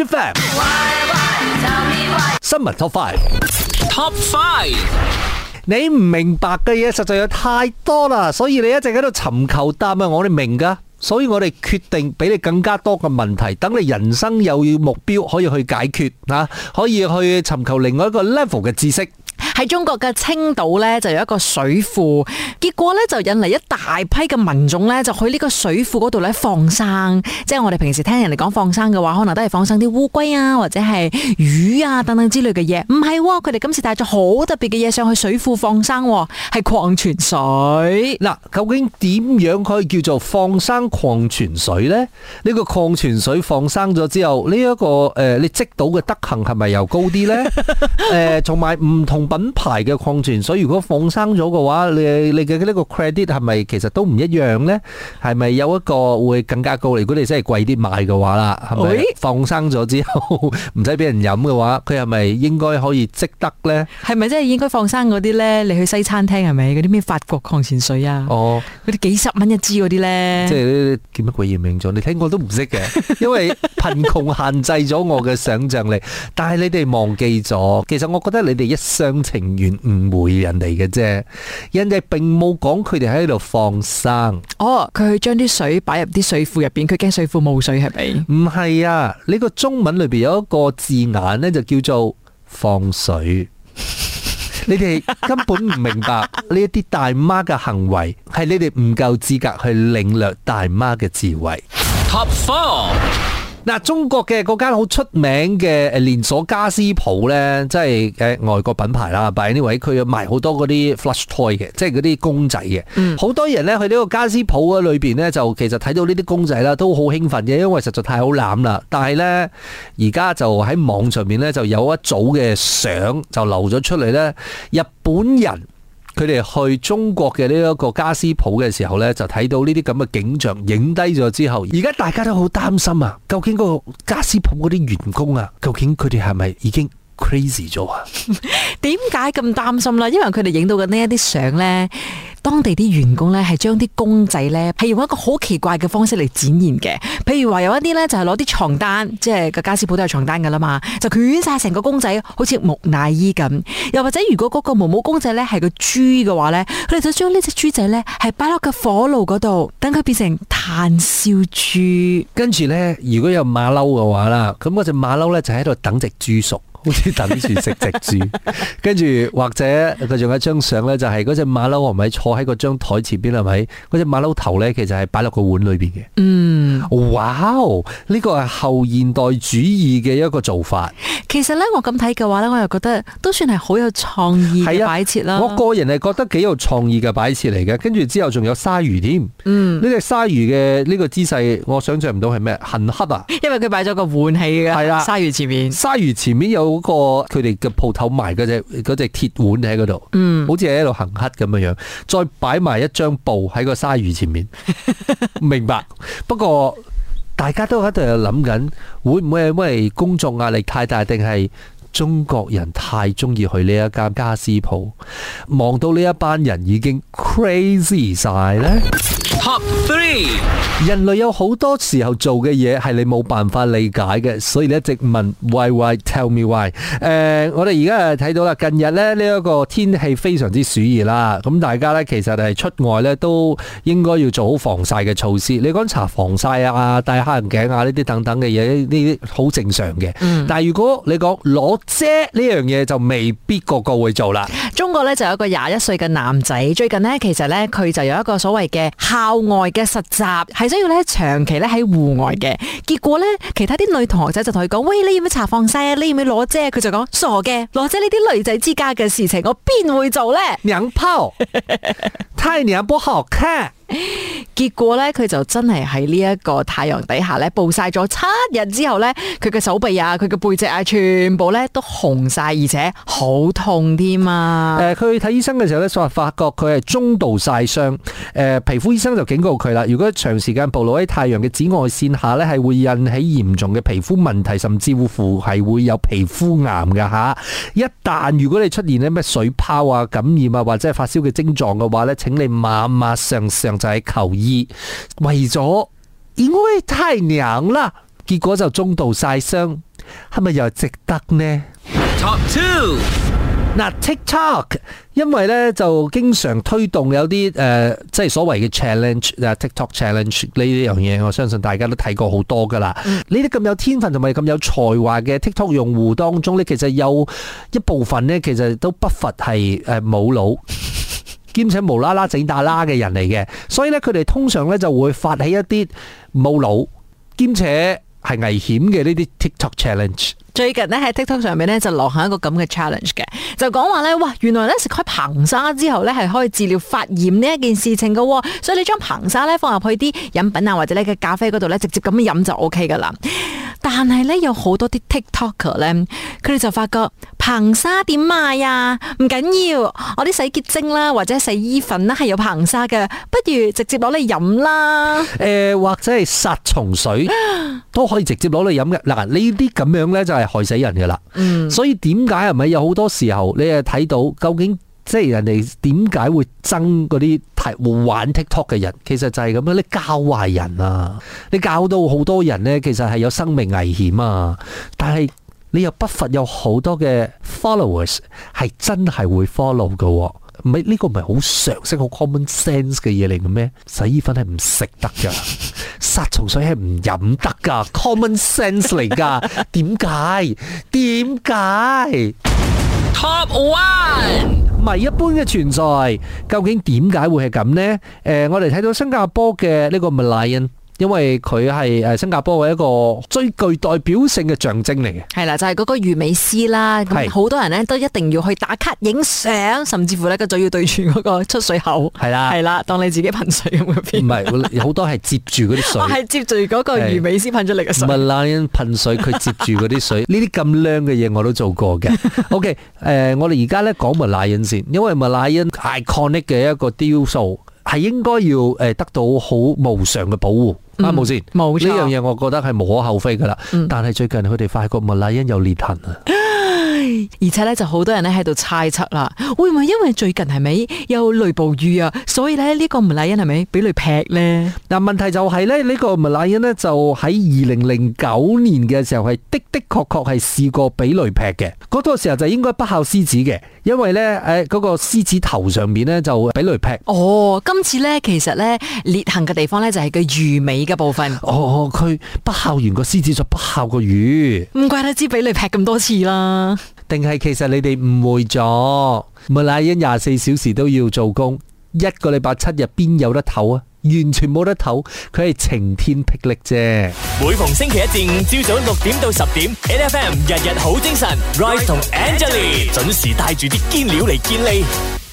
新聞 top five，top five，top five。你唔明白嘅嘢實在有太多啦，所以你一直喺度尋求答案，我哋明㗎，所以我哋決定俾你更加多嘅問題，等你人生有目標可以去解決啊，可以去尋求另外一個 level 嘅知識。喺中國嘅青島咧，就有一個水庫，結果咧就引嚟一大批嘅民眾咧，就去呢個水庫嗰度咧放生。即係我哋平時聽人哋講放生嘅話，可能都係放生啲烏龜啊，或者係魚啊等等之類嘅嘢。唔係、哦，佢哋今次帶咗好特別嘅嘢上去水庫放生、哦，係礦泉水。嗱、啊，究竟點樣可以叫做放生礦泉水呢？呢、這個礦泉水放生咗之後，呢、這、一個誒、呃，你積到嘅德行係咪又高啲呢？誒、 呃，同埋唔同。品牌嘅礦泉水，如果放生咗嘅話，你你嘅呢個 credit 係咪其實都唔一樣呢？係咪有一個會更加高？如果你真係貴啲買嘅話啦，係咪、欸、放生咗之後唔使俾人飲嘅話，佢係咪應該可以積德呢？係咪真係應該放生嗰啲呢？你去西餐廳係咪嗰啲咩法國礦泉水啊？哦，嗰啲幾十蚊一支嗰啲呢？即係啲叫乜鬼嘢名咗？你聽過都唔識嘅，因為貧窮限制咗我嘅想像力。 但係你哋忘記咗，其實我覺得你哋一生。情願誤會人哋嘅啫，人哋並冇講佢哋喺度放生。哦，佢去將啲水擺入啲水庫入邊，佢驚水庫冇水係咪？唔係啊，你個中文裏邊有一個字眼呢，就叫做放水。 你哋根本唔明白呢 一啲大媽嘅行為，係你哋唔夠資格去領略大媽嘅智慧。Top four。嗱，中國嘅嗰間好出名嘅誒連鎖家私鋪呢，即係誒外國品牌啦，擺喺呢位區賣好多嗰啲 flash toy 嘅，即係嗰啲公仔嘅。嗯，好多人呢，去呢個家私鋪嘅裏邊呢，就其實睇到呢啲公仔啦，都好興奮嘅，因為實在太好攬啦。但係呢，而家就喺網上面呢，就有一組嘅相就流咗出嚟呢，日本人。佢哋去中國嘅呢一個家私鋪嘅時候呢，就睇到呢啲咁嘅景象，影低咗之後，而家大家都好擔心啊！究竟嗰個家私鋪嗰啲員工啊，究竟佢哋係咪已經 crazy 咗啊？點解咁擔心咧？因為佢哋影到嘅呢一啲相呢。當地啲員工咧係將啲公仔咧係用一個好奇怪嘅方式嚟展現嘅，譬如話有一啲咧就係攞啲床單，即係個家私鋪都有床單噶啦嘛，就捲晒成個公仔，好似木乃伊咁。又或者如果嗰個毛毛公仔咧係個豬嘅話咧，佢哋就將呢隻豬仔咧係擺落個火爐嗰度，等佢變成炭燒豬。跟住咧，如果有馬騮嘅話啦，咁嗰隻馬騮咧就喺度等隻豬熟。好似等住食直住，跟住 或者佢仲有一張相咧，就係嗰隻馬騮係咪坐喺嗰張台前邊，係咪嗰隻馬騮頭咧，其實係擺落個碗裏邊嘅？嗯，哇，呢個係後現代主義嘅一個做法。其實咧，我咁睇嘅話咧，我又覺得都算係好有創意嘅擺設啦，啊。我個人係覺得幾有創意嘅擺設嚟嘅。跟住之後仲有鯊魚添。嗯，呢隻鯊魚嘅呢個姿勢，我想象唔到係咩痕刻啊？因為佢擺咗個換氣嘅。係啦，啊，鯊魚前面，鯊魚前面有。嗰個佢哋嘅鋪頭埋嗰隻嗰隻鐵碗喺嗰度，嗯，好似喺度行乞咁樣樣，再擺埋一張布喺個鯊魚前面，明白。 不過大家都喺度諗緊，會唔會係因為工作壓力太大，定係中國人太中意去呢一間家私鋪，望到呢一班人已經 crazy 晒咧？Top three，人類有好多時候做嘅嘢係你冇辦法理解嘅，所以你一直問 Why Why Tell me Why？誒、呃，我哋而家誒睇到啦，近日咧呢一、這個天氣非常之暑熱啦，咁大家咧其實係出外咧都應該要做好防曬嘅措施。你講搽防曬啊、戴黑人鏡啊呢啲等等嘅嘢，呢啲好正常嘅。嗯、但係如果你講攞遮呢樣嘢，就未必個個會做啦。中國咧就有一個廿一歲嘅男仔，最近咧其實咧佢就有一個所謂嘅校外嘅實習係需要咧長期咧喺戶外嘅，結果咧，其他啲女同學仔就同佢講：喂，你要唔要搽防晒啊？你要唔要攞遮？佢就講：傻嘅，攞遮呢啲女仔之家嘅事情，我邊會做咧？娘炮， 太娘不好看。 結果咧，佢就真係喺呢一個太陽底下咧暴曬咗七日之後咧，佢嘅手臂啊，佢嘅背脊啊，全部咧都紅晒，而且好痛添啊！誒、呃，佢去睇醫生嘅時候咧發發覺佢係中度曬傷，誒、呃，皮膚醫生就警告佢啦：如果長時間暴露喺太陽嘅紫外線下咧，係會引起嚴重嘅皮膚問題，甚至乎係會有皮膚癌噶吓。一旦如果你出現啲咩水泡啊、感染啊或者係發燒嘅症狀嘅話咧，請你馬馬上上就係求醫。而為咗，因為太娘啦，結果就中度曬傷，係咪又值得呢？Top two 嗱，TikTok，因為咧就經常推動有啲誒、呃，即係所謂嘅 challenge，誒，TikTok challenge 呢樣嘢，我相信大家都睇過好多噶啦。呢啲咁有天分同埋咁有才華嘅 TikTok 用戶當中，咧其實有一部分咧，其實都不乏係誒冇腦。呃兼且無啦啦整打啦嘅人嚟嘅，所以咧佢哋通常咧就會發起一啲冇腦兼且係危險嘅呢啲 TikTok challenge。最近呢，喺 TikTok 上面咧就流行一個咁嘅 challenge 嘅，就講話咧，哇，原來咧食開硼砂之後咧係可以治療發炎呢一件事情嘅，所以你將硼砂咧放入去啲飲品啊或者你嘅咖啡嗰度咧直接咁飲就 OK 噶啦。但係咧，有好多啲 TikToker 咧，佢哋就發覺硼砂點賣啊？唔緊要，我啲洗潔精啦，或者洗衣粉啦，係有硼砂嘅，不如直接攞嚟飲啦。誒、呃，或者係殺蟲水都可以直接攞嚟飲嘅。嗱，呢啲咁樣咧就係害死人嘅啦。嗯，所以點解係咪有好多時候你係睇到究竟？即係人哋點解會憎嗰啲玩 TikTok 嘅人？其實就係咁樣，你教壞人啊！你教到好多人呢，其實係有生命危險啊！但係你又不乏有好多嘅 followers 係真係會 follow 噶喎，唔係呢個唔係好常識，好 common sense 嘅嘢嚟嘅咩？洗衣粉係唔食得噶，殺蟲 水係唔飲得噶 ，common sense 嚟噶，點解？點解？Top one，唔係一般嘅存在，究竟點解會係咁呢？誒、呃，我哋睇到新加坡嘅呢個 Malayan 因為佢係，誒，新加坡嘅一個最具代表性嘅象徵嚟嘅，係啦，就係嗰個魚尾獅啦，咁好多人咧都一定要去打卡影相，甚至乎咧跟住要對住嗰個出水口，係啦，係啦，當你自己噴水咁樣，唔係，好多係接住嗰啲水，我係接住嗰個魚尾獅噴出嚟嘅水。Merlion 噴水，佢接住嗰啲水，呢啲咁靚嘅嘢，我都做過嘅。OK，誒，我哋而家咧講埋 Merlion 先，因為 Merlion iconic 嘅一個雕塑係應該要誒得到好無常嘅保護。啱冇先，呢樣嘢我覺得係無可厚非噶啦。但係最近佢哋發覺穆乃因有裂痕啊。嗯 而且咧，就好多人咧喺度猜測啦，會唔會因為最近係咪有雷暴雨啊？所以咧呢個吳麗恩係咪俾雷劈呢？嗱，問題就係咧呢個吳麗恩呢，就喺二零零九年嘅時候係的的確確係試過俾雷劈嘅。嗰個時候就應該不孝獅子嘅，因為咧誒嗰個獅子頭上面咧就俾雷劈。哦，今次咧其實咧裂痕嘅地方咧就係個魚尾嘅部分。哦，佢不孝完個獅子就不孝個魚，唔怪得之，俾雷劈咁多次啦。定係其實你哋誤會咗，穆乃因廿四小時都要做工，一個禮拜七日邊有得唞啊？完全冇得唞，佢係晴天霹靂啫。每逢星期一至五朝早六點到十點，N F M 日日好精神，Rise Right 同 Angelie 準時帶住啲堅料嚟見你。